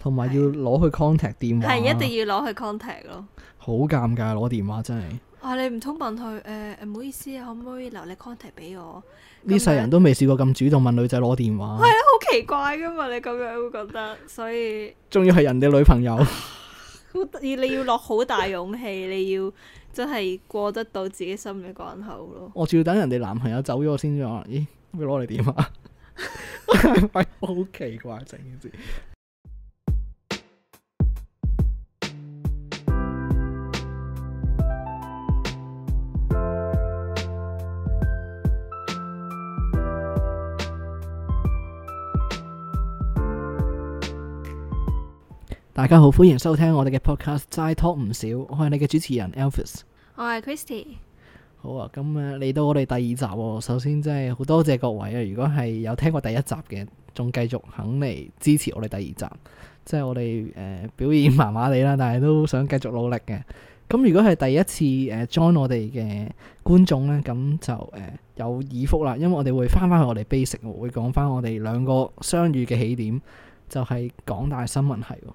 同埋要攞去 contact 電話，係一定要攞去 contact 咯。好尷尬攞電話真係。啊，你唔通問佢？誒、欸，唔好意思啊，可唔可以留你 contact 俾我？呢世人都未試過咁主動問女仔攞電話，係啊，好奇怪㗎嘛！你咁樣會覺得，所以仲要係人哋女朋友，要 你要落好大勇氣， 你要真係過得到自己心裏關口咯。我仲要等人哋男朋友走咗先啊！咦，要攞你電話，係好奇怪整件事。大家好，歡迎收聽我哋嘅 podcast 齋 talk 唔少，我係你嘅主持人 Alfis，我係 Christy。好啊，咁啊嚟到我哋第二集，哦，首先真係好多謝各位啊！如果係有聽過第一集嘅，仲繼續肯嚟支持我哋第二集，即係我哋誒、呃、表現麻麻地啦，但係都想繼續努力嘅。咁、嗯、如果係第一次誒 join、呃、我哋嘅觀眾呢，咁、嗯、就誒、呃、有耳福啦，因為我哋會翻翻去我哋 base，會講翻我哋兩個相遇嘅起點，就係、是、港大新聞系，哦。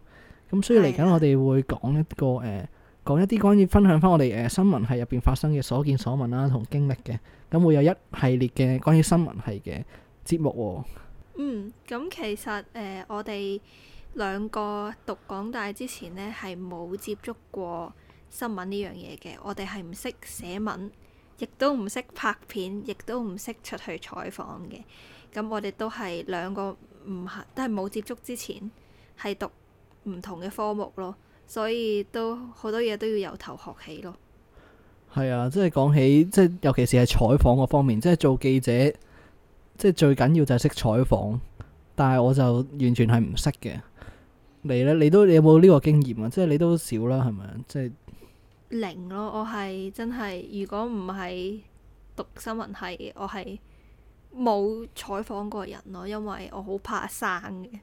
咁所以嚟緊我哋會講一個誒，講一啲關於分享翻我哋誒新聞系入邊發生嘅所見所聞啦，同經歷嘅，咁會有一系列嘅關於新聞系嘅節目。嗯，咁其實誒，呃，我哋兩個讀港大之前咧係冇接觸過新聞呢樣嘢嘅，我哋係唔識寫文，亦都唔識拍片，亦都唔識出去採訪嘅。咁我哋都係兩個唔係都係冇接觸之前係讀唔同嘅科目咯，所以都好多嘢都要由頭學起咯。係啊，即係講起，即係尤其是係採訪嗰方面，即係做記者，即係最緊要就係識採訪。但係我就完全係唔識嘅。你呢？你都你有冇呢個經驗啊？即係你都少啦，係咪？即係零咯，我係真係，如果唔係讀新聞系，係我係冇採訪過人咯，因為我好怕生嘅。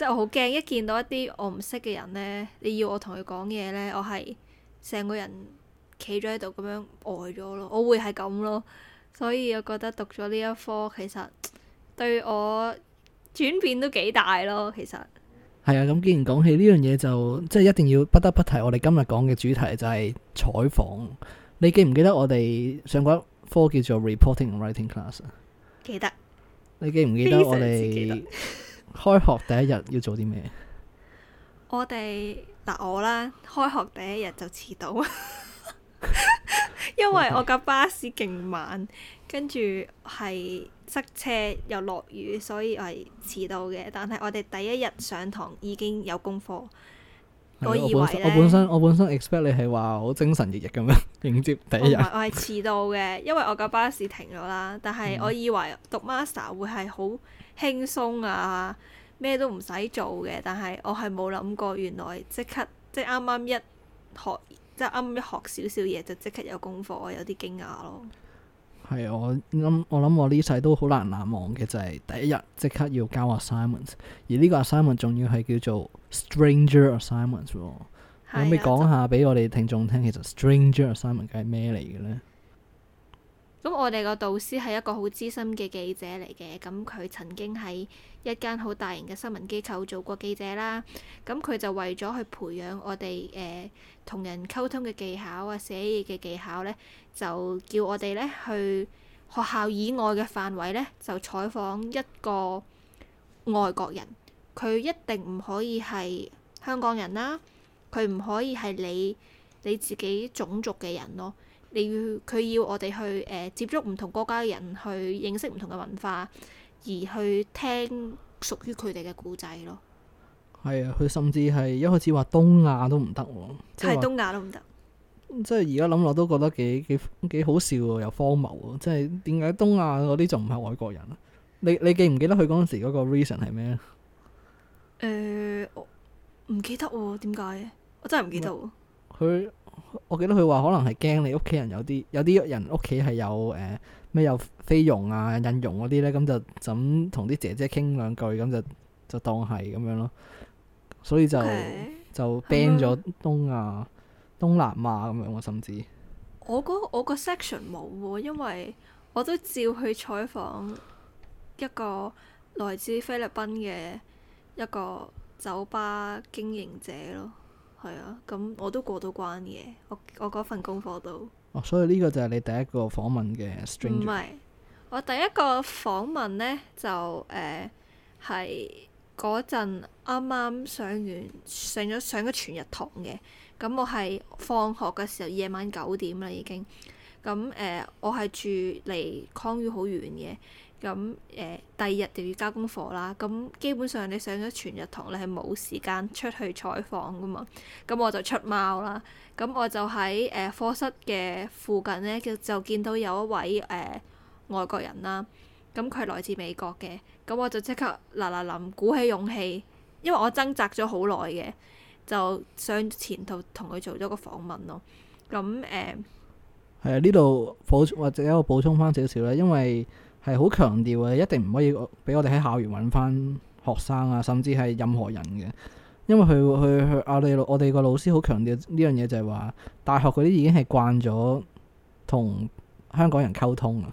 即係我好驚，一見到一啲我唔識嘅人呢，你要我同佢講嘢呢？我係成個人企咗喺度咁樣呆咗咯，我會係咁咯。所以我覺得讀咗呢一科，其實對我轉變都幾大咯。其實係啊，咁既然講起呢樣嘢，就即係一定要不得不提我哋今日講嘅主題就係、是、採訪。你記唔記得我哋上過一科叫做 reporting and writing class？記得。你記唔記得我哋？ 開學第一日要做啲咩？我哋嗱我啦，開學第一日就遲到， 因為我架巴士勁慢，跟住係塞車又落雨，所以係遲到嘅。但係我哋第一日上堂已經有功課，嗯、我以為我本身我本身，我本身 expect 你係話好精神奕奕咁樣迎接第一日。我係遲到嘅， 因為我架巴士停咗啦。但係我以為讀 master 會係好。輕鬆啊，咩都唔使做嘅，但係我係冇諗過，原來即刻即啱啱一學，即啱啱一學少少嘢就即刻有功課，我有啲驚訝咯。係啊，我諗，我諗我呢世都好難難忘嘅就係第一日即刻要交 assignments，而呢個 assignment 仲要係叫做 stranger assignments。可唔可以講下俾我哋聽眾聽？係啊。其實 stranger assignment 係咩嚟嘅呢？咁我哋個導師係一個好資深嘅記者嚟嘅，咁佢曾經喺一間好大型嘅新聞機構做過記者啦。咁佢就為咗去培養我哋誒同人溝通嘅技巧啊、寫嘢嘅技巧咧，就叫我哋咧去學校以外嘅範圍咧，就採訪一個外國人。佢一定唔可以係香港人啦，佢唔可以係你你自己種族嘅人咯。你要佢要我哋去誒、呃、接觸唔同國家嘅人，去認識唔同嘅文化，而去聽屬於佢哋嘅故仔咯。係啊，佢甚至係一開始話東亞都唔得喎，係東亞都唔得。即係而家諗落都覺得幾幾幾好笑、啊、又荒謬喎、啊。即係點解東亞嗰啲就唔係外國人、啊？你你記唔記得佢嗰陣時嗰個 reason 係咩咧？誒、呃，我唔記得喎、啊，點解？我真係唔記得喎、啊。佢。我記得佢話可能係驚你屋企人有啲有啲人屋企係有誒咩、呃、有菲傭啊印傭嗰啲呢。咁就就同啲姐姐傾兩句，咁就就當係咁樣咯。所以就 Okay. 就 ban 咗東亞的東南亞咁樣，我甚至我嗰個 section 冇喎，因為我都照去採訪一個來自菲律賓嘅一個酒吧經營者咯。係啊，咁我都過到關嘅，我我嗰份功課都。哦，所以呢個就係你第一個訪問嘅 string。唔係，我第一個訪問呢就誒、係嗰陣啱啱上完上咗上咗全日堂嘅，咁我係放學嘅時候夜晚九點啦已經，咁誒、呃、我係住離康裕好遠嘅。咁誒、嗯，第二日就要交功課啦。咁、嗯、基本上你上咗全日堂，你係冇時間出去採訪㗎嘛。咁、嗯、我就出貓啦。咁、嗯、我就喺誒、呃、課室嘅附近呢，就就見到有一位誒、呃、外國人啦。咁、嗯、佢來自美國嘅。咁、嗯、我就即刻嗱嗱臨鼓起勇氣，因為我掙扎咗好耐嘅，就上前度同佢做咗個訪問咯。咁、嗯、誒，係、嗯、啊，呢度補或者我補充返少少啦，因為。係好強調嘅，一定唔可以俾我哋喺校園搵翻學生啊，甚至係任何人嘅，因為佢佢佢，我哋我哋個老師好強調呢樣嘢就係話，大學嗰啲已經係慣咗同香港人溝通啊，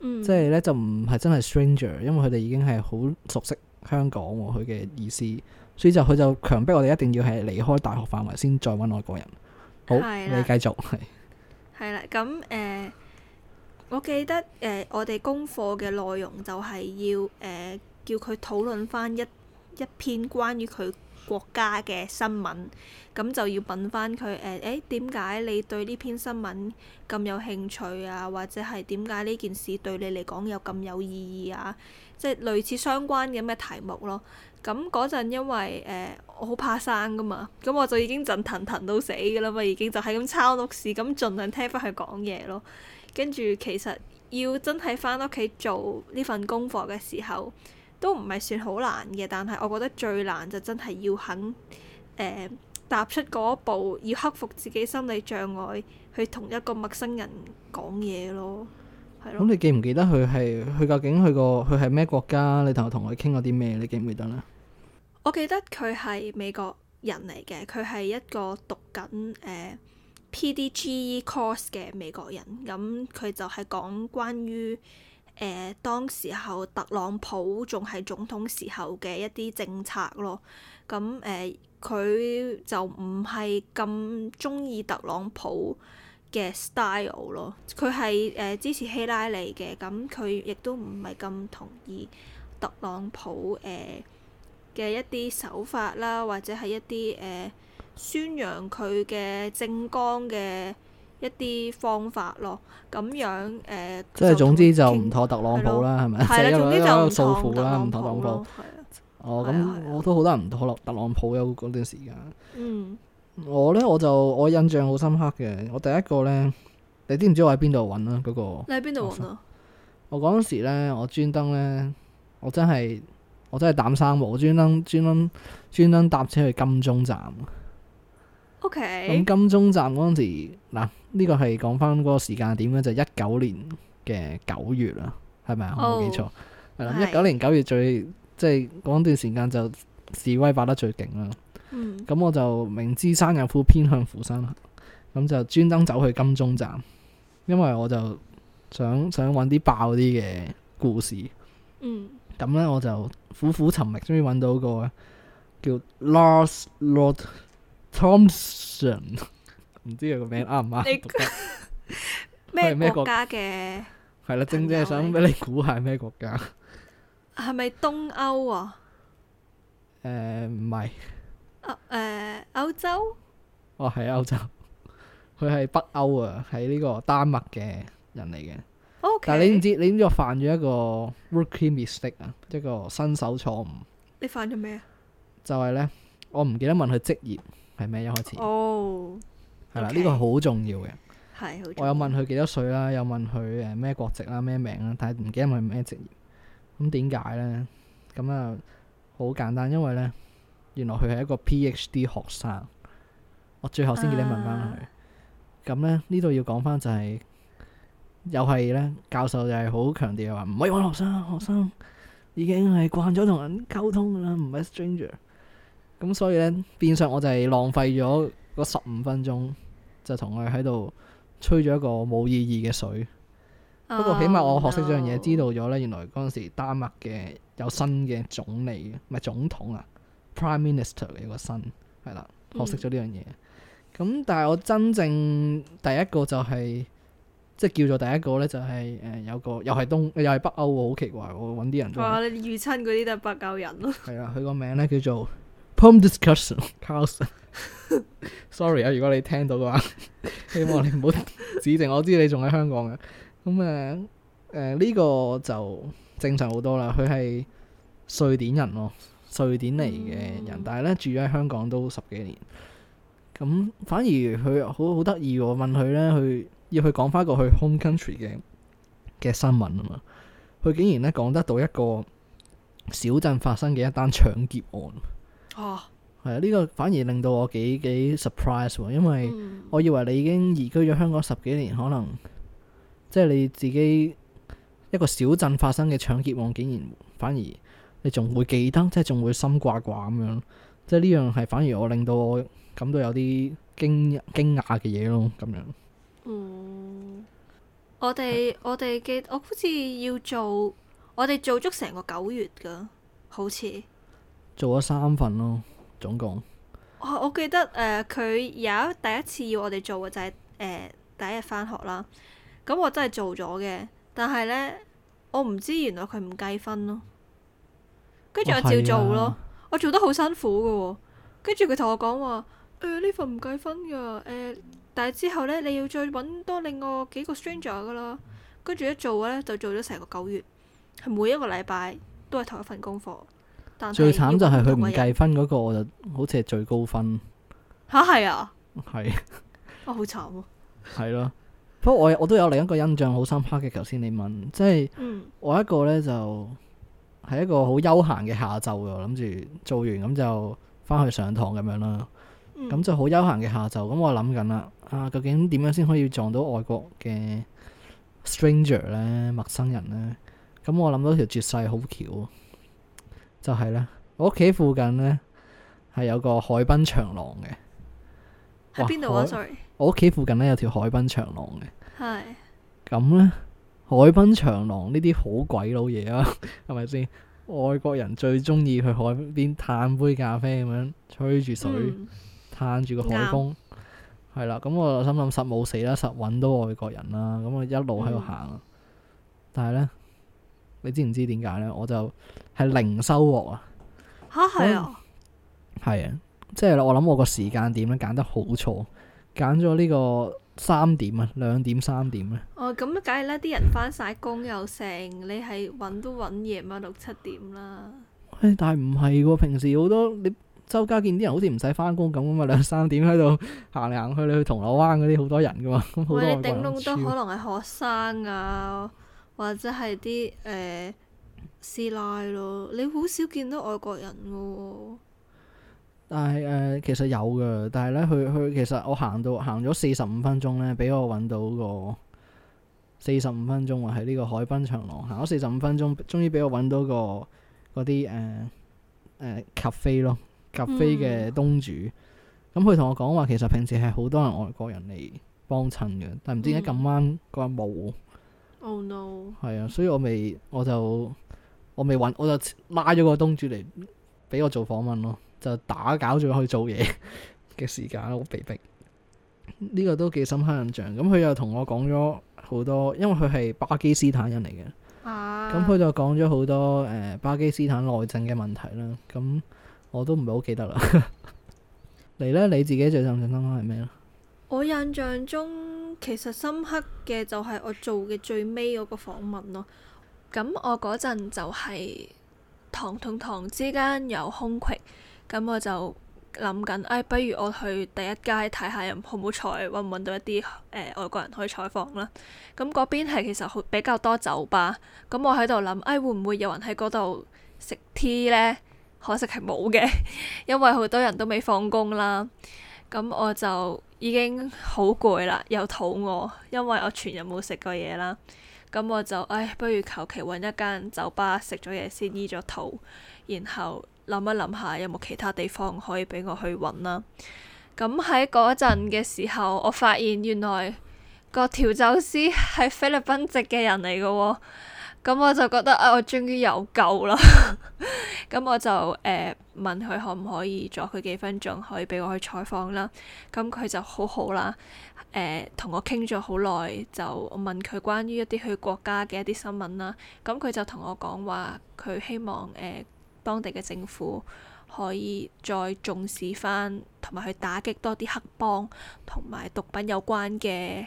嗯、即係呢就唔係真係 stranger，因為佢哋已經係好熟悉香港佢、啊、嘅意思，所以就佢就強迫我哋一定要係離開大學範圍先再搵外國人。好，係嘅，你繼續係。係啦，咁誒。我記得誒、呃，我哋功課嘅內容就係要誒、呃、叫佢討論翻一一篇關於佢國家嘅新聞，咁就要問翻佢誒，誒點解你對呢篇新聞咁有興趣啊？或者係點解呢件事對你嚟講有咁有意義啊？即係類似相關嘅咩題目咯。咁嗰陣因為誒、呃、我好怕生噶嘛，咁我就已經震騰騰到死噶啦嘛，已經就係咁抄讀史，咁盡量聽翻佢講嘢咯。跟住，其實要真係返屋企做呢份功課嘅時候，都唔係算好難嘅。但係我覺得最難就真係要肯、呃、踏出嗰一步，要克服自己心理障礙去同一個陌生人講嘢咯。咁、嗯、你記唔記得佢係佢究竟去過佢係咩國家？你同我同佢傾過啲咩？你記唔記得呢？我記得佢係美國人嚟嘅，佢係一個讀緊 P.D.G.E.Course 嘅美國人，咁佢就係講關於誒、呃、當時候特朗普仲係總統時候嘅一啲政策咯。咁誒佢就唔係咁鍾意特朗普嘅 style 咯。佢係誒支持希拉里嘅，咁佢亦都唔係咁同意特朗普誒嘅、呃、一啲手法啦，或者係一啲誒、呃宣揚佢嘅政綱嘅一啲方法咯，咁樣誒，呃、即係總之就唔妥特朗普啦，係咪？係啦，總之就訴苦啦。唔妥特朗普。係啊，哦，咁我都好多人唔妥咯，特朗普有嗰段時間。嗯，我呢，我就我印象好深刻嘅，我第一個呢，你知唔知我喺邊度揾啊？嗰、那個你喺邊度揾啊？我嗰時呢，我專登呢，我真係我真係膽生毛，我專登專登專登搭車去金鐘站。OK，咁金鐘站嗰陣時，嗱呢個係講翻嗰個時間點咧，就一九年嘅九月啦，係咪啊？冇、oh, 記錯係啦，一九年九月最即係嗰段時間就示威爆得最勁啦。嗯，咁我就明知山有虎，偏向虎山啦，咁就專登走去金鐘站，因為我就想想揾啲爆啲嘅故事。嗯，咁咧我就苦苦尋覓，終於揾到個叫 Lost Lord。Thompson 唔知佢個名啱唔啱？你咩咩得 國家嘅？係啦，正正係想俾你估下咩國家的？係咪 東歐啊？誒、呃，唔係。誒、啊，歐、呃、洲？哦係，歐洲。佢 係北歐啊，喺呢個丹麥嘅人嚟嘅。Okay. 但係你唔知，你知我犯咗一個 rookie mistake 啊，一個新手錯誤。你犯咗咩啊？就係咧，我唔記得問佢職業。係咩？一開始哦，係啦，呢個好重要嘅。係，我有問佢幾多歲啦，有問佢誒咩國籍啦，咩名啦，但係唔記得問佢咩職業。咁點解呢？咁啊，好簡單，因為呢，原來佢係一個 PhD 學生。我最後先至問翻佢。咁咧、啊，呢度要講翻就係、是，又係呢，教授又係好強調話唔可以揾學生，學生已經係慣咗同人溝通噶啦，唔係 stranger。咁所以咧，變相我就係浪費咗十五分鐘，就同佢喺度吹咗一個冇意義嘅水。不過、oh, 起碼我學識咗樣嘢，No. 知道咗咧，原來嗰陣時丹麥嘅有新嘅總理，唔係總統啊，Prime Minister 嘅一個新，係啦，學識咗呢樣嘢。咁、嗯、但係我真正第一個就係、是，即係叫做第一個咧，就係誒有個又係東又係北歐喎，好奇怪喎，揾啲人。哇！你遇親嗰啲都係北歐人咯。係啊， 佢個名咧叫做。Home discussion，sorry 啊。如果你聽到嘅話， 希望你唔好指定。 我知你仲喺香港嘅咁啊。誒呢、呃呃這個就正常好多啦。佢係瑞典人咯、哦，瑞典嚟嘅人，但係咧住咗喺香港都十幾年。咁反而佢好好得意喎。問佢咧，佢要去講翻個去 home country 嘅嘅新聞啊嘛。佢竟然咧講得到一個小鎮發生嘅一單搶劫案。哦，係啊，呢個反而令到我幾幾 surprise 喎，因為我以為你已經移居咗香港十幾年，可能即係你自己一個小鎮發生嘅搶劫案，竟然反而你仲會記得，即係仲會心掛掛咁樣。即係呢樣係反而我令到我感到有啲驚驚訝嘅嘢咯，咁樣。嗯，我哋我哋嘅我好似要做，我哋做足成個九月㗎，好似。做咗三份咯，總共。我、哦、我記得誒、佢、呃、有第一次要我哋做嘅就係、是、誒、呃、第一日返學啦。咁我真係做咗嘅，但係呢，我唔知原來佢唔計分咯。跟住我照做咯，啊、我做得好辛苦嘅。跟住佢同我講話：誒、呃、呢份唔計分噶。誒、呃，但係之後呢，你要再揾多另外幾個 stranger 噶啦。跟住一做呢，就做咗成個九月，係每一個禮拜都係同一份功課。最慘就係佢唔計分嗰、那個，我就好似係最高分吓，係啊，係啊，好慘。 啊係咯， 不過我我都有另一個印象好深刻嘅。頭先你問，即、就、係、是、我一個呢，就係、是、一個好悠閒嘅下晝嘅，諗住做完咁就翻去上堂咁樣啦。咁、嗯、就好悠閒嘅下晝，咁我諗緊啦啊，究竟點樣先可以撞到外國嘅 stranger 呢？陌生人呢？咁我諗到條絕世好橋。就係咧，我屋企附近咧係有個海濱長廊嘅。喺邊度啊？sorry，我屋企附近咧有條海濱長廊嘅。係。咁咧，海濱長廊呢啲好鬼佬嘢啊，係咪先？外國人最中意去海邊嘆杯咖啡，咁樣吹住水，嘆住個海風。係啦、嗯，咁我就心諗實冇死啦，實搵到外國人啦，咁我一路喺度行。嗯、但係咧。你知唔知點解呢？我就係零收穫啊！吓係啊，係啊，即係我諗我個時間點咧揀得好錯，揀咗呢個三點啊，兩點三點啊！哦，咁梗係啦，啲人翻晒工又成，你係揾都揾夜晚六七點啦、哎。但係唔係喎，平時好多你周家見啲人好似唔使翻工咁噶嘛，兩三點喺度行嚟行去， 你去銅鑼灣嗰啲好多人噶嘛。 喂，頂多都可能係學生啊。或者係啲誒師奶咯，你好少見到外國人嘅喎、哦。但係誒、呃，其實有嘅，但係咧，佢，佢其實我行到行咗四十五分鐘咧，俾我揾到個四十五分鐘喎，喺呢個海濱長廊行咗四十五分鐘，終於俾我揾到個嗰啲誒誒 cafe 咯 cafe 嘅東主。咁佢同我講話，其實平時係好多人外國人嚟幫襯嘅，但係唔知點解咁啱嗰日冇。嗯嗯嗯哦、oh, no！係啊，所以我未，我就我未揾，我就拉咗個東主嚟俾我做訪問咯，就打攪住佢做嘢嘅時間，好被迫。呢、這個都幾深刻印象。咁佢又同我講咗好多，因為佢係巴基斯坦人嚟嘅。啊、ah.！咁佢就講咗好多誒，巴基斯坦內政嘅問題啦。咁我都唔係好記得啦。你 咧你自己最印象深刻係咩咧？我印象中。其實深刻嘅就係我做嘅最尾嗰個訪問咯。咁我嗰陣就係堂同堂之間有空隙，咁我就諗緊，哎，不如我去第一街睇下有唔好唔好彩，搵唔搵到一啲，呃、外國人可以採訪啦。咁嗰邊係其實好比較多酒吧，咁我喺度諗，唉，哎，會唔會有人喺嗰度食 tea 呢？可惜係冇嘅，因為好多人都未放工啦。咁我就。已經好攰啦，又肚餓，因為我全日冇食過嘢啦。咁我就，唉，不如求其揾一間酒吧食咗嘢先醫咗肚，然後諗一諗下有冇其他地方可以俾我去揾啦。咁喺嗰陣嘅時候，我發現原來個調酒師係菲律賓籍嘅人嚟嘅喎。咁我就覺得啊，我終於有救啦！咁 我就誒、呃、問佢可唔可以阻佢幾分鐘可以俾我去採訪啦？咁佢就好好啦，誒、呃、同我傾咗好耐，就問佢關於一啲佢國家嘅一啲新聞啦。咁佢就同我講話，佢希望誒、呃、當地嘅政府可以再重視返，同埋去打擊多啲黑幫同埋毒品有關嘅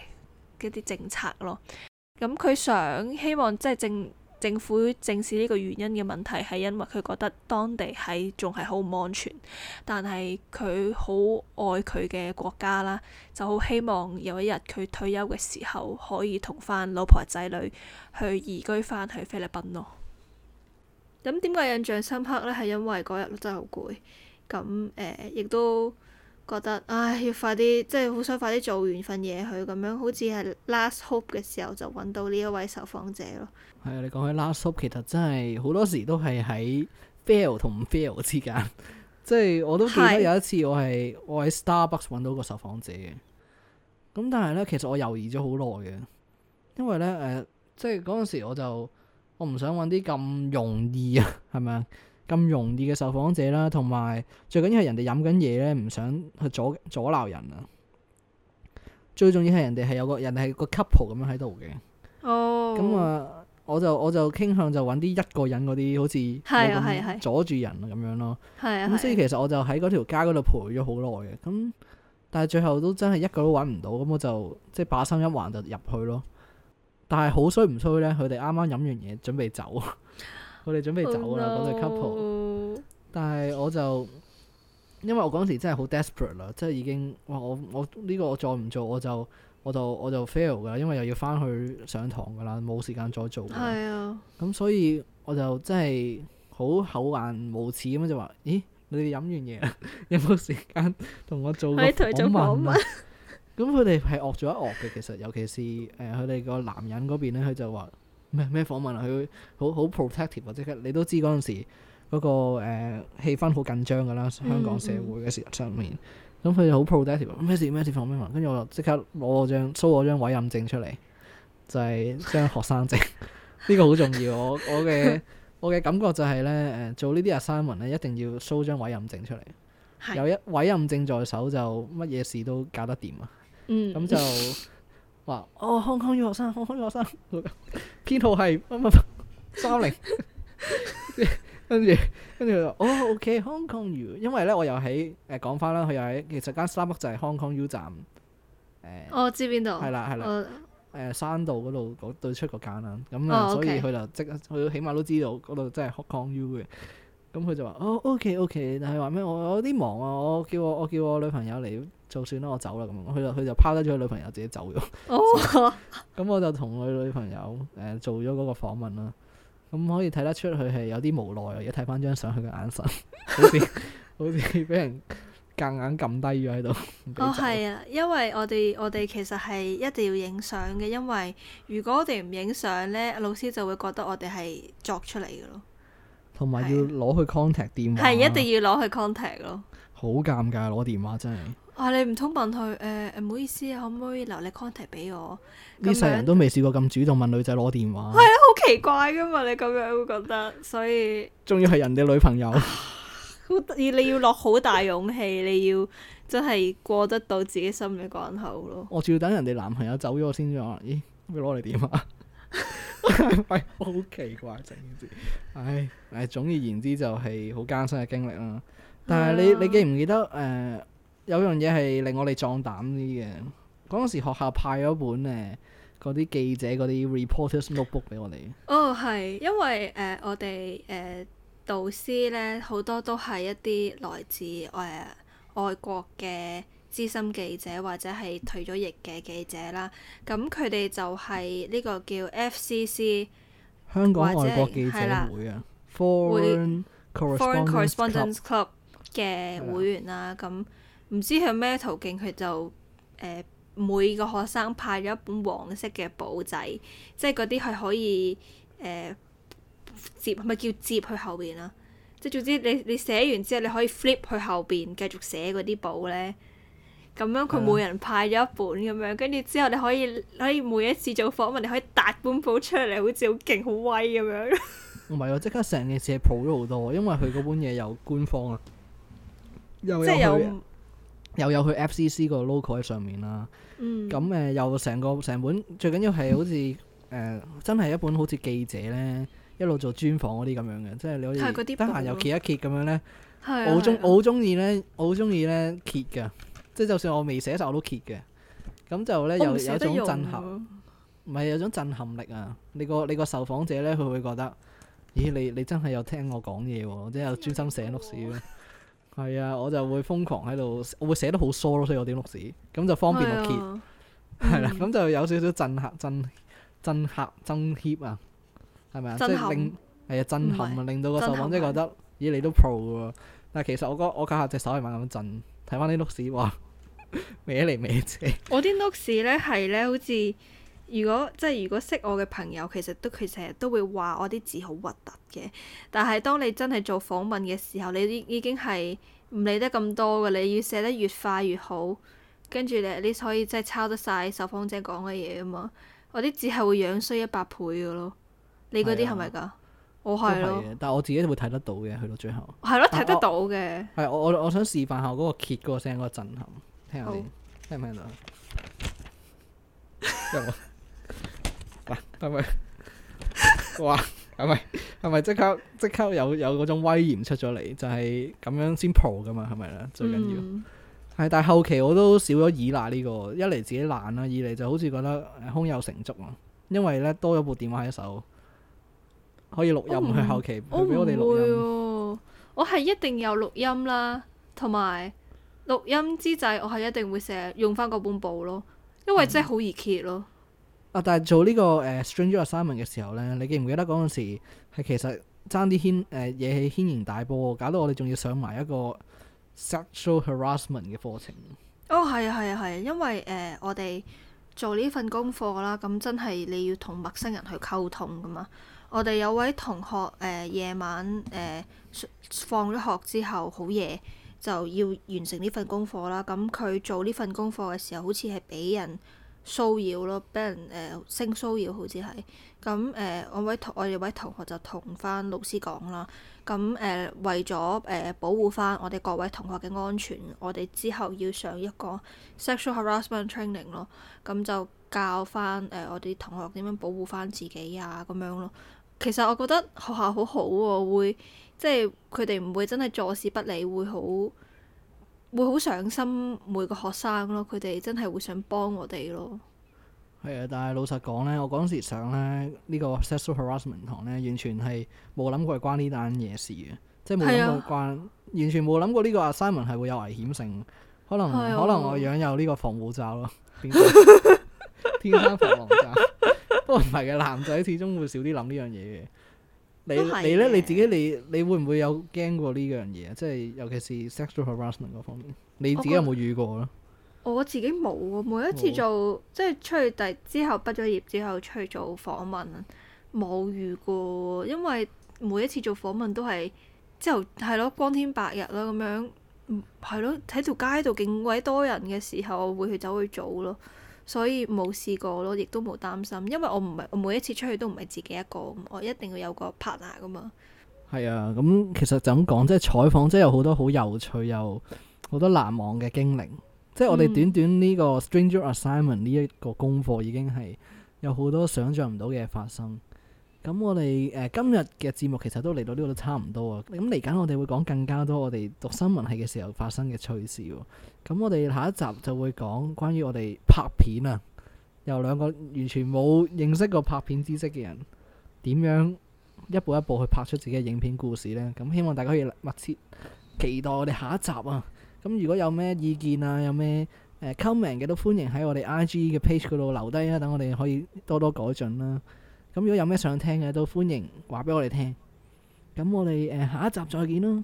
一啲政策咯。咁佢、嗯、想希望即係政政府正視呢個原因嘅問題，係因為佢覺得當地係仲係好唔安全，但係佢好愛佢嘅國家啦，就好希望有一日佢退休嘅時候，可以同翻老婆仔女去移居翻去菲律賓咯。咁點解印象深刻呢？係因為嗰日真係好攰，咁、呃、亦都。覺得唉，要快啲，即係好想快啲做完份嘢佢，咁樣好似係 last hope 嘅時候就揾到呢一位受訪者咯。係啊、嗯，你講起 last hope，其實真係好多時都係喺 fail 同唔 fail 之間。 即係我都記得有一次，我係我喺 Starbucks 揾到個受訪者嘅。咁但係呢，其實我猶豫咗好耐嘅，因為呢，誒、呃，即係嗰陣時我就我唔想揾啲咁容易啊，係咪啊？咁容易嘅受訪者啦，同埋最緊要係人哋飲緊嘢咧，唔想去阻阻撓人啊。最重要係人哋係有個人哋係個 couple 咁樣喺度嘅。哦，咁啊，我就我就傾向就揾啲一,一個人嗰啲，好似係啊係啊，阻住人咁樣咯。係啊，咁所以其實我就喺嗰條街嗰度陪咗好耐嘅。咁但係最後都真係一個都揾唔到，咁我就即係把心一橫就入去咯。但係好衰唔衰咧？佢哋啱啱飲完嘢準備走。 佢哋準備走啦，嗰隻 couple。但係我就因為我嗰陣時真係好 desperate 啦，即係已經哇我我呢、呢個我再唔做我就我就我就 fail 㗎啦，因為又要翻去上堂㗎啦，冇時間再做。係啊、oh no. 嗯。咁所以我就真係好厚顏無恥咁就話：咦，你哋飲完嘢啦 有冇時間同我做個訪問、啊？咁佢哋係惡咗一惡嘅，其實尤其是誒佢哋個男人嗰邊咧，佢就話。咩咩訪問啊？佢好好 protective，啊。即刻你都知嗰陣時嗰、那個、呃、氣氛好緊張㗎啦，香港社會嘅時候上面。咁佢哋、嗯、好 protective，咩、嗯、事咩事訪咩問？跟住我就即刻攞嗰張 show 嗰張委任證出嚟，就係、是、張學生證。呢 個好重要。我我嘅 我嘅感覺就係、是、呢，誒、呃，做呢啲 assignment 咧一定要 show 張委任證出嚟。是有一委任證在手就乜嘢事都搞得掂啊！咁就、嗯。 話哦，Hong Kong U 學生，Hong Kong U 學生，編 號係乜乜乜三零，跟住跟住佢話哦，OK，Hong Kong U，因為咧我又喺誒講翻啦，佢又喺其實間 Subway 就係 Hong Kong U 站，誒、呃，我知邊度，係啦係啦，誒我、呃、山道嗰度對出個間啦，咁啊，所以佢就即佢起碼都知道嗰度真係 Hong Kong U 嘅，咁、嗯、佢就話哦，OK OK，但係話咩我有啲忙啊，我叫我我叫我，我叫我女朋友嚟。就算啦，我走啦咁，佢就佢就拋低咗佢女朋友自己走咗。哦，咁 我就同佢女朋友誒、呃、做咗嗰個訪問啦。咁可以睇得出佢係有啲無奈啊，而家睇翻張相佢嘅眼神，好似 好似俾人夾硬撳低咗喺度。哦，係啊，因為我哋我哋其實係一定要影相嘅，因為如果我哋唔影相呢，老師就會覺得我哋係作出嚟嘅咯。同埋要攞去 contact 電話，係、啊、一定要攞去 contact 咯。好尷尬攞電話真係。啊！你唔通問佢誒，唔、呃、好意思，啊，可唔可以留你 contact 俾我？呢世人都未試過咁主動問女仔攞電話，係 啊，好奇怪噶嘛！你咁樣會覺得，所以仲要係人哋女朋友，好要 你要落好大勇氣， 你要真係過得到自己心嘅關口咯。我仲要等人哋男朋友走咗我先啊！咦，咪攞你電話？喂，好奇怪，整件事。係、哎、誒，總而言之就係好艱辛嘅經歷啦。但係你你記唔記得誒？呃有樣嘢係令我哋壯膽啲嘅，嗰陣時學校派咗本誒嗰啲記者嗰啲 reporters notebook 俾我哋。哦，係，因為誒、呃、我哋誒、呃、導師咧好多都係一啲來自誒、呃、外國嘅資深記者或者係退咗役嘅記者啦，咁佢哋就係呢個叫 FCC 香港外國記者會啊，Foreign Correspondents club 嘅會員啦，咁的。唔知佢咩途徑，佢就誒、呃、每個學生派咗一本黃色嘅簿仔，即係嗰啲係可以、呃、摺，摺，咪叫摺去後邊啦。即係總之你，你你寫完之後，你可以 flip 去後邊繼續寫嗰啲簿咧。咁樣佢每人派咗一本咁樣，跟住、嗯、之後你可以可以每一次做訪問，你可以搭本簿出嚟，好似好勁好威咁樣。唔係啊！即刻成件事係補咗好多，因為佢嗰本嘢又官方啊，又有。，又有佢 FCC 個 logo 喺上面啦，咁誒、嗯嗯、又成個成本最緊要係好似誒、嗯呃、真係一本好似記者呢，一路做專訪嗰啲咁樣嘅，即係你好似得閒又揭一揭咁樣呢？嗯、我中我好中意呢，我好中意呢揭嘅，即係就算我未寫曬我都揭嘅。咁就咧又有種震撼，唔係有種震撼力啊！你個你個，你個受訪者呢，佢會覺得，咦你你，你真係有聽我講嘢喎，即係有專心寫碌屎咯。 係啊，我就會瘋狂喺度，我會寫得好疏咯，所以我啲碌屎，咁就方便我揭，e a t 係啦，咁、嗯啊、就有少少震撼、震震撼、震撼啊，係咪撼啊？即係令係啊震撼啊，令到個受訪者覺得，咦，你都 pro 嘅，但係其實我哥我靠下隻手係咪咁震？睇翻啲碌屎話，歪嚟歪斜。我啲碌屎咧係咧，好似。如果即係如果識我嘅朋友，其實都佢成日都會話我啲字好核突嘅。但係當你真係做訪問嘅時候，你已已經係唔理得咁多嘅，你要寫得越快越好。跟住你，你可以即係抄得晒受訪者講嘅嘢啊嘛。我啲字係會樣衰一百倍嘅咯。你嗰啲係咪㗎？啊、我係咯。但係我自己會睇得到嘅，去到最後。係咯、啊，睇得到嘅。係、啊、我我我想示範下嗰個揭嗰個聲嗰、嗰個震撼，聽下先，好聽唔聽到？有 係咪？ 哇！係咪？係咪即刻即刻有有嗰種威嚴出咗嚟？就係、是、咁樣先蒲噶嘛？係咪啦？最緊要係、嗯，但係後期我都少咗依賴呢個，一嚟自己懶啦，二嚟就好似覺得胸有成竹，啊，因為咧多咗部電話喺手，可以錄音。不後期俾我哋錄音，我係、啊、一定有錄音啦，同埋錄音之際，我係一定會成日用翻嗰本簿咯，因為真係好易揭咯。嗯啊！但係做呢、這個誒、呃、stranger assignment 嘅時候呢，你記唔記得嗰陣時係其實爭啲牽誒惹起軒然大波，搞到我哋仲要上埋一個 sexual harassment 嘅課程。哦，係啊，係啊，係，因為誒、呃、我哋做呢份功課啦，咁真係你要同陌生人去溝通噶嘛。我哋有位同學誒、呃、夜晚誒、呃、放咗學之後好夜，就要完成呢份功課啦。咁佢做呢份功課嘅時候，好似係俾人，騷擾咯，俾人誒、呃、性騷擾好似係，咁誒我位同我哋位同學就同翻老師講啦，咁、嗯、誒、呃、為咗誒、呃、保護翻我哋各位同學嘅安全，我哋之後要上一個 sexual harassment training 咯，咁、嗯、就、呃、教翻誒我哋同學點樣保護翻自己啊咁樣咯。其實我覺得學校好好喎，會即係佢哋唔會真係坐視不理，會好。會好上心每個學生咯，佢哋真係會想幫我哋咯。係啊，但係老實講呢，我嗰陣時上咧呢、這個 sexual harassment 堂呢，完全係冇諗過係關呢單嘢事嘅，即係冇諗過關，的完全冇諗過呢個 assignment 係會有危險性。可能的可能我養有呢個防護罩咯， 天生防狼罩，都唔係嘅，男仔始終會少啲諗呢樣嘢嘅。你你咧你自己你你會唔會有驚過呢樣嘢啊？即係尤其是 sexual harassment 嗰方面，你自己有冇遇過咧？我，我自己冇啊！每一次做有即係出去第之後畢咗業之後出去做訪問，冇遇過。因為每一次做訪問都係之後係咯，光天白日啦咁樣，係咯，喺條街度勁鬼多人嘅時候，我會去走去做咯。所以冇試過咯，亦都冇擔心，因為我唔係我每一次出去都唔係自己一個，我一定要有個 partner 噶嘛。係啊，咁其實就咁講，即係採訪，即係有好多好有趣又好多難忘嘅經歷。即係我哋短短呢個 stranger assignment 呢一個功課，已經係、嗯、有好多想像唔到嘅發生。咁我哋誒、呃、今日嘅節目其實都嚟到呢度都差唔多啊。咁嚟緊我哋會講更加多我哋讀新聞系嘅時候發生嘅趣事。咁我哋下一集就會講關於我哋拍片啊，由兩個完全冇認識過拍片知識嘅人，點樣一步一步去拍出自己嘅影片故事呢。咁希望大家可以密切期待我哋下一集啊！咁如果有咩意見啊，有咩誒 comment 嘅都歡迎喺我哋 IG 嘅 page 嗰度留低啊，等我哋可以多多改進啦、啊。咁如果有咩想聽嘅，都歡迎話俾我哋聽。咁我哋誒下一集再見啦。